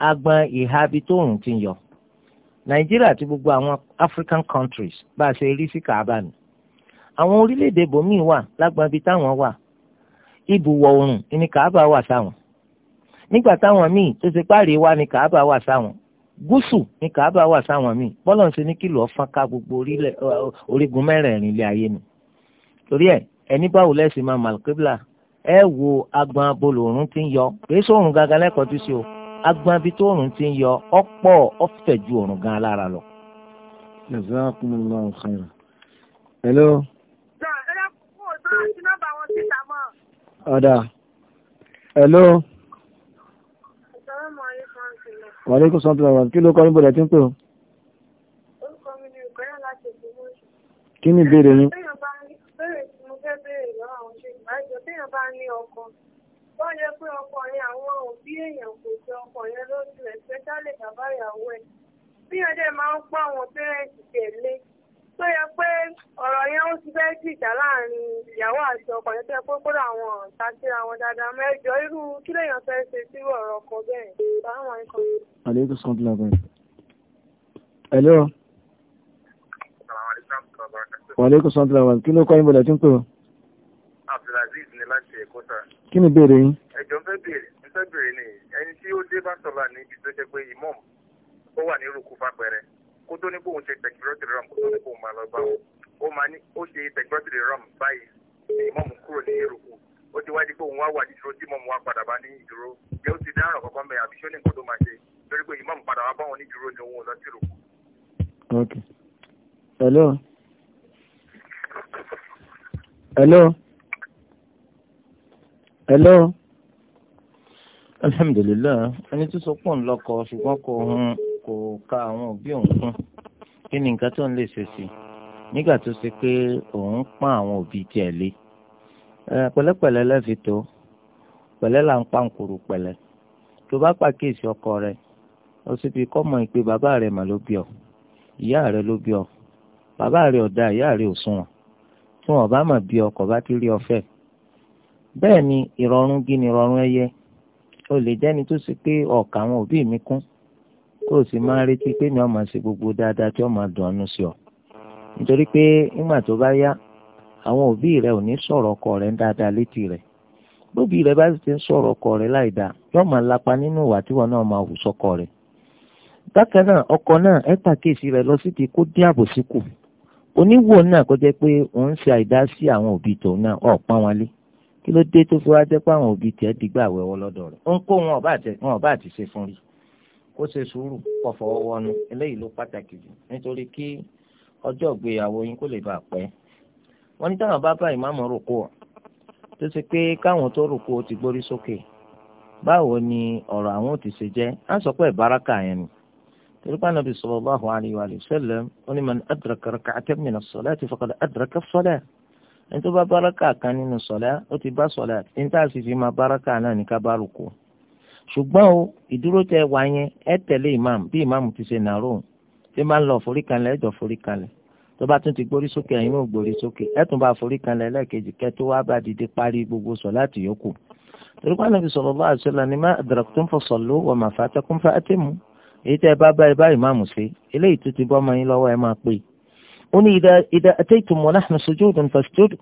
agbọ̀n ìhà ibi tó òrùn ti yọ. Nàìjíríà àti gbogbo àwọn African countries bá a ṣe rí sí Kaaba nù. àwọn orílẹ̀-èdè bòmíì wà lágbọ̀n ibùwọ̀ oòrùn ni kàábà wà sáwọn nígbà táwọn míì tó ṣe páàrí wa ni kàábà wà sáwọn gúúsù ni kàábà wà sáwọn míì bọ́lọ̀ ń ṣe ní kìlọ̀ fọ́n ká gbogbo orígun mẹ́rẹ̀ẹ̀rin ilé ayé ni torí ẹ ẹni báwo lẹ́sìn máa màlúkébìlà ẹ wo agbọn abolo ti ń yọ kìí sóòrùn gangan lẹ́kọ̀ọ́ ti ṣe o agbọn abi tó oòrùn ti ń yọ ọ̀pọ̀ ọ̀fẹ́ ju oòrùn gan lára lọ. jazakumullahu khairan. hello. ṣe ẹ ọ̀dà hello. wàlékún sọ́ńtò ọ̀rọ̀ kí ló kọ́ níbo rẹ̀ tí ń pè ó. orúkọ mi ni ìkọ́yà láti ìgbìmọ̀ oṣù. kí ni ìbéèrè yín. téèyàn bá ní bẹ́ẹ̀rẹ̀ tí mo fẹ́ béèrè lọ́wọ́ àwọn ṣe ìbájọ téèyàn bá ní ọkọ wọ́n yẹ pé ọkọ yẹn àwọn òbí èèyàn kò ṣe ọkọ yẹn lójú ẹ̀ especially bàbá ìyàwó ẹ̀ bí ọdẹ máa ń pọ́ àwọn pẹ́rẹ́ǹtì tẹ̀lé tó yẹ pé ọ̀rọ̀ yẹn ó ti fẹ́ẹ́ dìjà láàrin ìyàwó àti ọkọ yẹn tó yẹ pé kódà àwọn ọ̀tá síra wọn dáadáa mẹ́jọ irú kí lèèyàn fẹ́ ṣe sí ọ̀rọ̀ ọkọ bẹ́ẹ̀ báwọn ikọ̀. àlékún o lábẹ́ ẹ̀lọ́ wàlékún sọ́ńtì lábẹ́ kí ló kọ́ yín bọ̀dọ̀ tí ń pè ọ́. Abdulaziz ni láti Èkó sà. kí ni béèrè yín. ẹjọ́ ń fẹ́ béèrè ń fẹ́ béèrè ni ẹni tí ó dé bá sọ̀rọ̀ ní ibi tó jẹ́ pé ìmọ̀ ó wà ní rúkú fàpẹrẹ kó tó ní kóun ṣe tẹkirọtì rọm kó tó ní kóun máa lọ bá wọn ó máa ní ó ṣe tẹkirọtì rọm báyìí ìmọ̀mù kúrò ní eruku ó ti wáyé pé òun wá wà ní ìdúró tí ìmọ̀mù wá padà bá ní ìdúró yóò ti dáràn kankan mẹ́ àbí ṣó ní nǹkan tó máa ṣe torí pé ìmọ̀mù padà wá bá wọn ní ìdúró ni òun lọ sí eruku. okay hello hello hello alhamdulilayi ẹni tó sọ pọ̀ kò ka àwọn òbí òun kún kí ni nǹkan tó ń lè ṣe sí i nígbà tó ṣe pé òun pọ́n àwọn òbí tiẹ̀ lé pẹ̀lẹ́pẹ̀lẹ́ lẹ́fi tó pẹ̀lẹ́ là ń pa nkùrù pẹ̀lẹ́ tó bá pàkíyèsí ọkọ rẹ ó sì fi kọ́ mọ̀ pé bàbá rẹ mà ló bí ọ ìyá rẹ ló bí ọ bàbá rẹ ọ̀dà ìyá rẹ ò sunwọ̀n tí wọn bá mà bí ọkọ̀ bá ti rí ọfẹ́ bẹ́ẹ̀ ni ìrọ̀rùn gí ni ẹyẹ o lè jẹ́ni tó ṣe pé ọ̀kà àwọn òbí mi kún kó o sì máa retí pé ní ọmọ ṣe gbogbo dáadáa tí dùn sí ọ nítorí pé nígbà tó bá yá àwọn rẹ ò ní ọkọ rẹ dáadáa létí rẹ bóbi rẹ bá sì ti ń sọ̀rọ̀ ọkọ rẹ láì yóò máa lapa nínú ìwà tíwọ náà máa hù sọkọ rẹ bákan náà ọkọ náà ẹ pàkíyèsí rẹ lọ síbi kó dín àbòsí kù oníwò náà kó jẹ́ pé òun ṣe àìdá sí àwọn òbí tòun náà ọ̀ pọ́n wọn lé kí ló dé tó fi wá jẹ́ pé àwọn òbí tiẹ̀ dìgbà fún kó ṣe sùúrù kó fọwọ́ wọnú eléyìí ló pàtàkì jù nítorí kí ọjọ́ ìgbéyàwó yín kó lè bàa pẹ́ wọ́n ní táwọn bá bá ìmáàmù rúkú ọ̀ tó ṣe pé káwọn tó rúkú ó ti gbórí sókè báwo ni ọ̀rọ̀ àwọn ò ti ṣe jẹ́ á sọ pé ìbáraka yẹn ni torí pé anabi sallallahu alayhi wa ní man adraka ó ti bá sọ̀lá ẹni tá a sì ṣùgbọ́n o ìdúró tẹ wà yẹn ẹ tẹ̀lé imam bí imam ti ṣe nàró ṣé máa ń lọ forí kanlẹ̀ ẹ̀jọ̀ forí kanlẹ̀ tó bá tún ti gbórí sókè ẹ̀yin náà gbórí sókè ẹ̀ tún bá forí kanlẹ̀ lẹ́ẹ̀kejì kẹ́ tó wá bá dìde parí gbogbo sọ láti yòókù torí pé Ànábì sallallahu alaihi wasallam ni ma adraktum fasallu wa ma fatakum fa atimmu èyí tẹ́ tó ti bọ́ ọmọ yín lọ́wọ́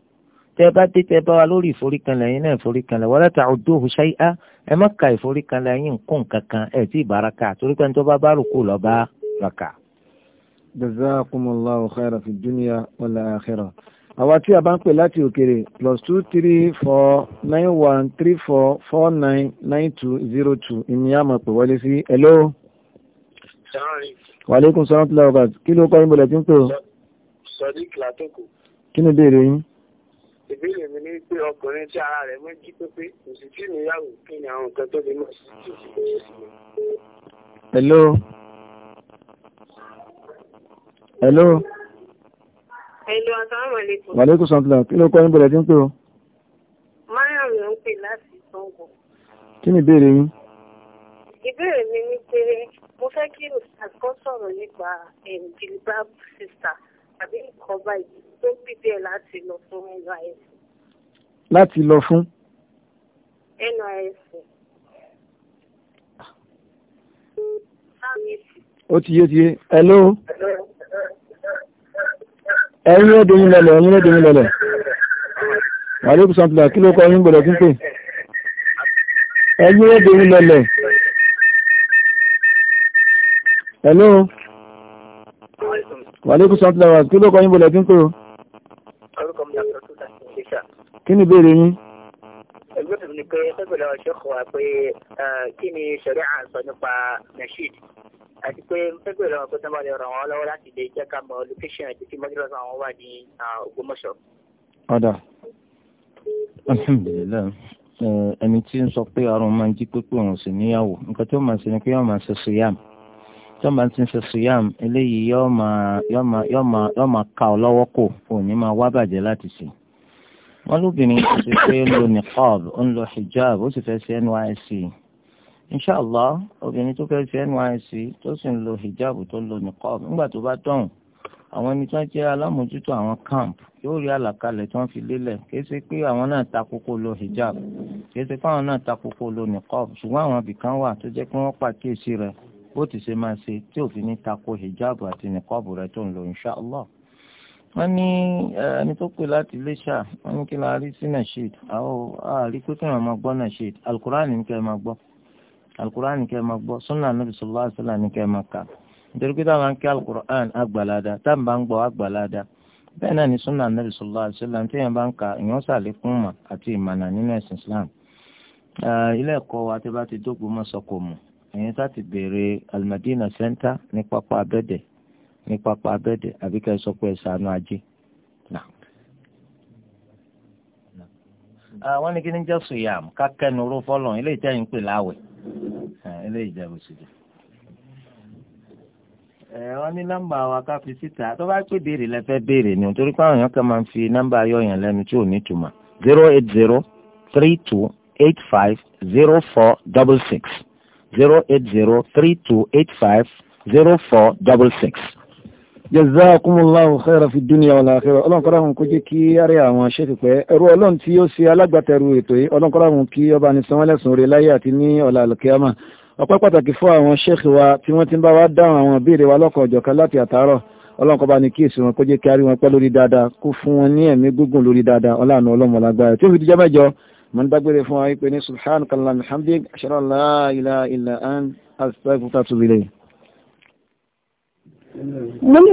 tẹ bá dé tẹ bá wa lórí ìforíkanlẹ̀ yín náà ìforíkanlẹ̀ wala ta'udduhu shay'a ẹ má ka ìforíkanlẹ̀ yín nǹkan kankan ẹ̀ tí ìbáraka torí pé nítorí bá bá rúkú lọ bá raka. jazakumullahu khairan fi dunya wal akhirah. àwa tí a bá ń pè láti òkèrè plus two three four nine one three four four nine nine two zero two ìní àmọ̀ pè wọlé sí hello. wàlẹ́kùn sọ́run tí lọ́wọ́ bá kí ló kọ́ yín bọ̀lẹ̀ tí ń pè ìbéèrè mi ni pé ọkùnrin tí ara rẹ̀ mọ́ jí pépé kò sì tí níyàwó kí ni àwọn nǹkan tó lè mọ̀ sí hello hello. hello asalaamualeykum. maaleykum sanfilaa kí ló kọ́ yín bọ̀dọ̀ tí ń pè ọ́. mariam ló ń pè láti sango. kí ni ìbéèrè yín. ìbéèrè mi ni pé mo fẹ́ kí àkọ́sọ̀rọ̀ nípa eh, jilbab sista tàbí ìkọ́ba yìí tó pípẹ́ láti lọ fún NYSC. láti lọ fún. NYSC. ó ti yé ti yé hello. ẹ̀yin ló doyún lọlẹ̀ ẹ̀yin ló doyún lọlẹ̀. wàlúùkù santula kí ló kọ ẹ̀yin gbọ́dọ̀ kí n pè. ẹ̀yin ló doyún lọlẹ̀. hello. wàlúùkù santula kí ló kọ ẹ̀yin gbọ́dọ̀ kí n o kí ni ìbéèrè yín. ẹgbẹ́ ni pé pẹ́pẹ́lẹ́ ọ̀ṣẹ́ kọ̀ wá pé kí ni ṣẹ̀rí à ń sọ nípa nasheed àti pé pẹ́pẹ́lẹ́ ọ̀ṣẹ́ tó bá lè ràn wọ́n lọ́wọ́ láti lè jẹ́ ká mọ location àti kí mọ́jọ́ lọ́sàn àwọn wà ní Ògbómọ̀ṣọ́. ọ̀dà alhamdulilayi ẹni tí ń sọ pé àrùn máa ń jí pépé òun sì níyàwó nǹkan tí ó máa ń ṣe ni pé yóò máa ṣe suyam tí wọ́n bá ń ṣe suyam eléyìí yóò máa yóò máa yóò máa ká ọ lọ́wọ́ kò òní máa wá bàjẹ́ láti sìn wọ́n lóbìnrin tó ti pé ń lo niqab ń lo hijab ó sì fẹ́ sí nysc inshallah obìnrin tó fẹ́ sí nysc tó sì ń lo hijab tó ń lo niqab nígbà tó bá dọ̀hùn àwọn ẹni tó ń jẹ́ alámòjútó àwọn camp yóò rí àlàkalẹ̀ tó ń fi lélẹ̀ kìí ṣe pé àwọn náà ta kókó lo hijab kìí ṣe pé àwọn náà ta kókó lo niqab ṣùgbọ́n àwọn ibìkan wà tó jẹ́ pé wọ́n pàkíyèsí rẹ̀ bó ti ṣe máa ṣe tí òfin ní tako hijab àti niqab rẹ̀ tó ń lo inshallah wọ́n ní eh, ẹni tó pè láti iléṣà wọ́n ní kí n rí sí nasheed àwọn àárí pé kí n máa gbọ́ nasheed alukur'an ní kẹ́ ẹ máa gbọ́ alukur'an ní kẹ́ ẹ máa gbọ́ sunna anabi sallallahu alaihi wasallam ní kẹ́ ẹ máa kà nítorí pé táwọn ń kí alukur'an àgbàládá táwọn bá ń gbọ́ àgbàládá bẹ́ẹ̀ náà ni sunna anabi sallallahu alaihi wasallam tí yẹn bá ń kà ìyọ́n sàlékún mà àti ìmànà nínú ẹ̀sìn islam eh, ilé ẹ̀kọ́ wa tí bá ti dógbó mọ́ sọ́kò mọ̀ ẹ̀yin sá ti béèrè ní pápá abẹ́dẹ̀ àbí ká ẹ sọ pé ẹ sànú ajé. Ah, wọ́n ní kí ni jẹ́ sùyàm kákẹ́nu oró fọ́lọ̀ ilé ìtẹ́yìn ń pè láwẹ̀ ilé ìjẹun sì jẹ́. Eh, wọ́n ní nọ́mbà wa ká fi síta tó bá pé béèrè lẹ́fẹ́ béèrè ni torí pé àwọn èèyàn kan máa ń fi nọ́mbà yọ̀yàn lẹ́nu tí ò ní tùmọ̀ zero eight zero three two eight five zero four double six zero eight zero three two eight five zero four double six jazakumullahu khairan fi dunya wal akhirah ọlọ́run kọ́ra hùn kó jẹ́ kí àárẹ̀ àwọn aṣẹ́fìpẹ́ ẹ̀rọ ọlọ́run tí ó ṣe alágbàtẹ̀rù ètò yìí ọlọ́run kọ́ra hùn kí ọba ní sanwó-ẹlẹ́sùn orí láyé àti ní ọ̀la alkiyama ọpẹ́ pàtàkì fún àwọn ṣẹ́ẹ̀kì wa tí wọ́n ti ń bá wa dáhùn àwọn ìbéèrè wa lọ́kọ̀ ọ̀jọ̀kan láti àtàárọ̀ ọlọ́run kó bá ní kíyèsí wọn kó jẹ́ kí a rí wọn pẹ́ lórí dáadáa kó fún mun